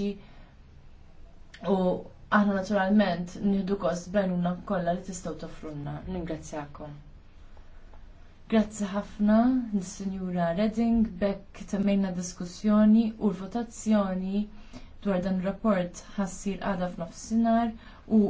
riski u aħna naturalment nieħdu kost benuna kollha li tistgħu tofrunna. Ningrazzjakom. Grazzi ħafna lis-Sinjura Redding bekk temmejna diskussjoni u l-votazzjoni dwar dan rapport ħassir għada f'nofsinhar u